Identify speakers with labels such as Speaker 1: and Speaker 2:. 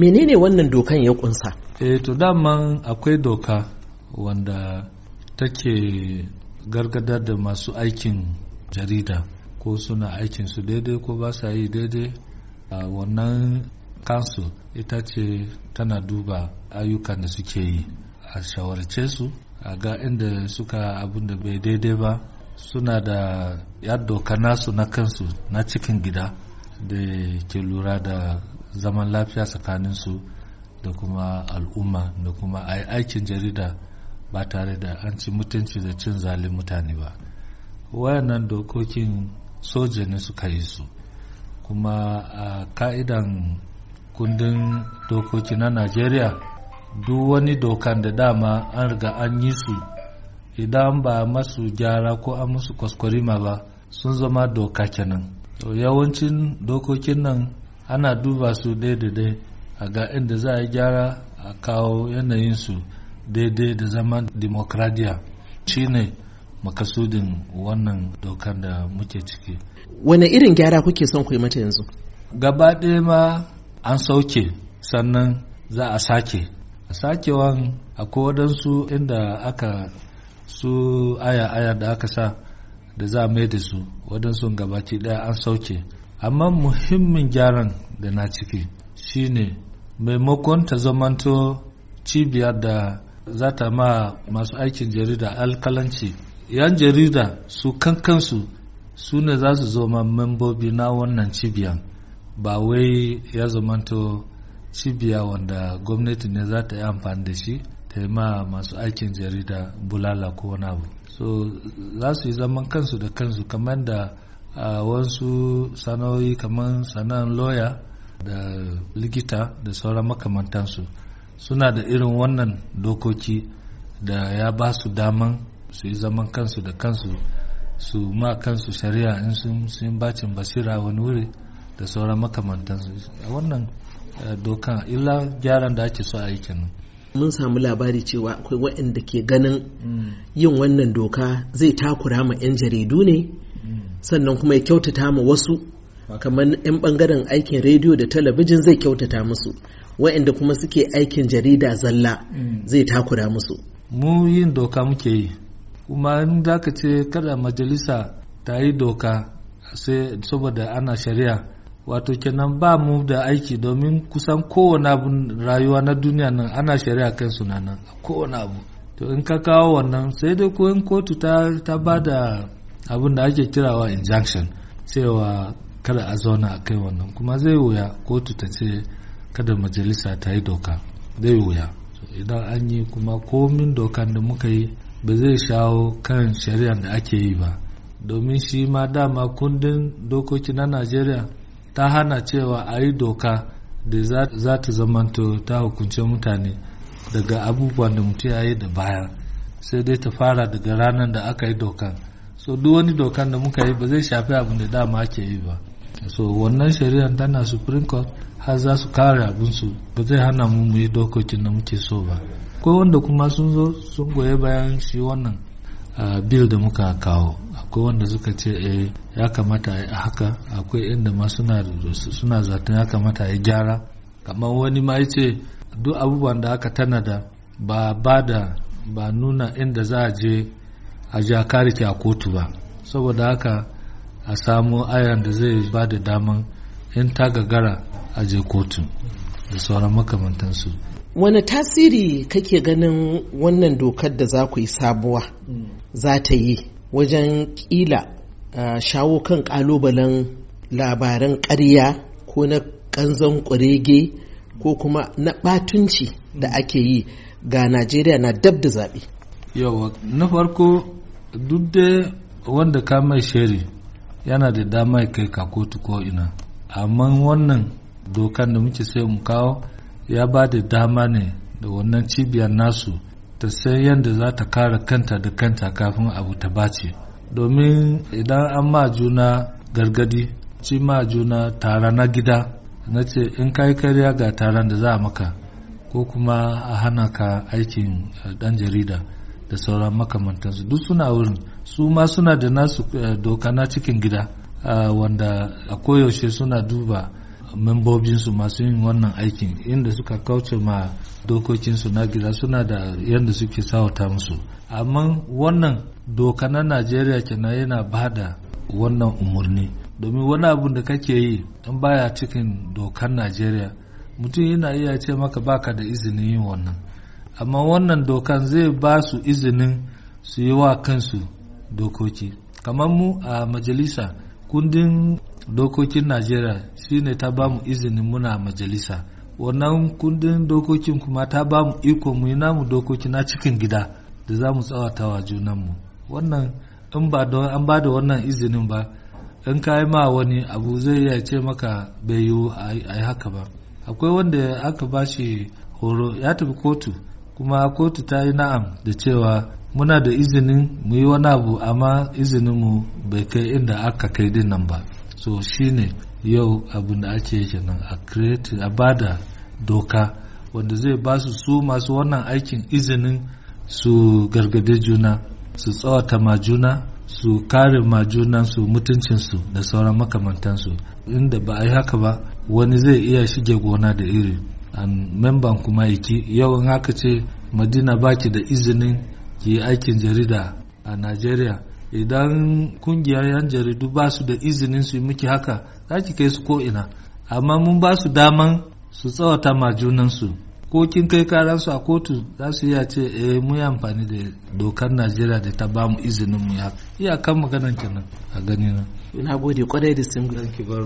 Speaker 1: menene wannan dokan ya kunsa eh to daman akwai doka wanda take gargadar da masu aikin jarida ko suna aikin su daidai ko ba sa yi daidai a wannan kansu ita ce tana duba ayyukan da suke yi a shawarce su a ga inda suka abin da bai daidai ba suna da ya doka nasu na kansu na cikin gida da ke lura da zaman lafiya tsakanin su da kuma al'umma da kuma aikin jarida ba tare da an ci mutunci da cin zalin mutane ba wayannan dokokin soja ne suka yi su kuma a ka'idan kundin dokoki na najeriya duk wani dokan da dama an riga an yi su idan ba masu gyara ko an musu kwaskwarima ba sun zama doka kenan yawancin dokokin nan ana duba su daidai a ga inda za a gyara a kawo yanayinsu daidai da zaman demokradiyya ne makasudin wannan dokar da muke ciki
Speaker 2: wane irin gyara kuke son ku yi mata yanzu
Speaker 1: gaba ɗaya ma an sauke sannan za a sake a sakewan akwai waɗansu inda aka su aya-aya da aka sa da za a mai da su waɗansu gabaci ɗaya an sauke amma muhimmin gyaran da na ciki shine maimakon ta zamanto cibiyar da za ta ma masu aikin jarida alkalanci yan jarida su kankansu su ne za su zama membobi na wannan cibiyar ba wai ya zamanto cibiya wanda gwamnati ne za ta yi amfani da shi ta yi ma masu aikin jarida bulala ko wani abu so za su yi zaman kansu da kansu kamar da a wasu sana'o'i kamar sana'an loya da likita da sauran makamantansu suna da irin wannan dokoki da ya ba su daman su yi zaman kansu da kansu su ma kansu shari'a in sun bacin basira wani wuri da sauran makamantansu a wannan dokan illa gyaran da ake so a yi
Speaker 2: mun samu labari cewa akwai waɗanda ke ganin hmm. yin wannan doka zai takura ma 'yan jaridu ne sannan kuma ya kyautata ma wasu kamar 'yan bangaren aikin rediyo da talabijin zai kyautata musu wa'anda kuma suke aikin jarida zalla mm. zai takura musu
Speaker 1: mu yin doka muke yi kuma in za ka ce kada majalisa ta yi doka sai saboda ana shari'a wato kenan ba mu da aiki domin kusan kowane abu rayuwa na duniya nan ana shari'a kan suna nan kowane abu to in ka kawo wannan sai dai kotu ta ba da abin da ake kirawa injunction cewa kada a zauna a kai wannan kuma zai wuya kotu ta ce kada majalisa ta yi doka zai wuya idan an yi kuma komin dokan da muka yi ba zai shawo kan shari'ar da ake yi ba domin shi ma dama kundin dokoki na najeriya ta hana cewa a yi doka da za ta zamanto ta hukunce mutane daga abubuwan da mutum ya yi da baya sai dai ta fara daga ranar da aka yi dokan so duk wani dokan da muka yi ba zai shafi abin da dama ake yi ba so wannan shari'ar tana supreme court har za su kare su ba zai hana mu muyi yi dokokin da muke so ba akwai wanda kuma sun zo sun goye bayan shi wannan bill da muka kawo akwai wanda suka ce eh ya kamata a haka akwai inda ma suna suna zaton ya kamata ya gyara kamar wani ma ce duk abubuwan da aka tanada ba ba ba nuna inda za a je a ja a kotu ba saboda haka a samu ayan da zai ba da daman in ta gagara a je kotu da sauran makamantansu
Speaker 2: wani tasiri kake ganin wannan dokar da za ku yi sabuwa za ta yi wajen kila shawo kan kalubalen labaran ƙarya ko na ƙanzan kurege ko kuma na ɓatunci da ake yi ga najeriya na dab da zaɓe
Speaker 1: yawa na farko duk da wanda ka mai shari yana da dama kai ka kotu ko ina amma wannan dokan da muke sai mu kawo ya ba da dama ne da wannan cibiyar nasu ta sai yadda za ta kare kanta da kanta kafin abu ta bace domin idan an ma juna gargadi ci ma juna tara na gida na ce in ka yi kariya ga taron da za a maka ko kuma a hana ka aikin dan eh, jarida da sauran makamantansu duk suna wurin su ma suna da nasu eh, doka na cikin gida ah, wanda a koyaushe suna duba membobinsu masu yin wannan aikin inda suka kauce ma dokokinsu na gida suna da yadda suke sawata musu amma wannan doka na najeriya kenan yana bada wannan umarni domin wani abun da kake yi don baya cikin dokan najeriya mutum yana iya ce maka baka da izinin yin wannan amma wannan dokan zai ba su izinin su yi wa kansu dokoki kamar mu a majalisa kundin dokokin najeriya shine ta ba mu izinin muna majalisa wannan kundin dokokin kuma ta ba mu iko mu yi namu dokoki na cikin gida da za mu tsawata wa junanmu wannan in ba don an ba da wannan izinin ba in ka yi ma wani abu zai iya ce maka bai yiwu a yi haka ba akwai wanda aka ba shi horo ya tafi kotu kuma kotu ta yi na'am da cewa muna da izinin mu yi wani abu amma izininmu bai kai inda aka kai din nan ba so shine yau abin da ake yake nan a create a bada doka wanda zai ba su su masu wannan aikin izinin su gargade juna su tsawata ma juna su kare ma su mutuncinsu da sauran makamantansu inda ba a yi haka ba wani zai iya shige gona da iri memban kuma yake yau in aka ce madina baki da izinin ki aikin jarida a najeriya idan kungiyar yan jaridu ba su da izinin su yi miki haka za ki kai su ko'ina amma mun ba su daman su tsawata ma junansu ko kin kai karansu a kotu za su iya ce eh mu yi amfani da dokar najeriya da ta ba mu izinin mu iya kan maganan kenan a ganina na gode kwarai da sun ki bar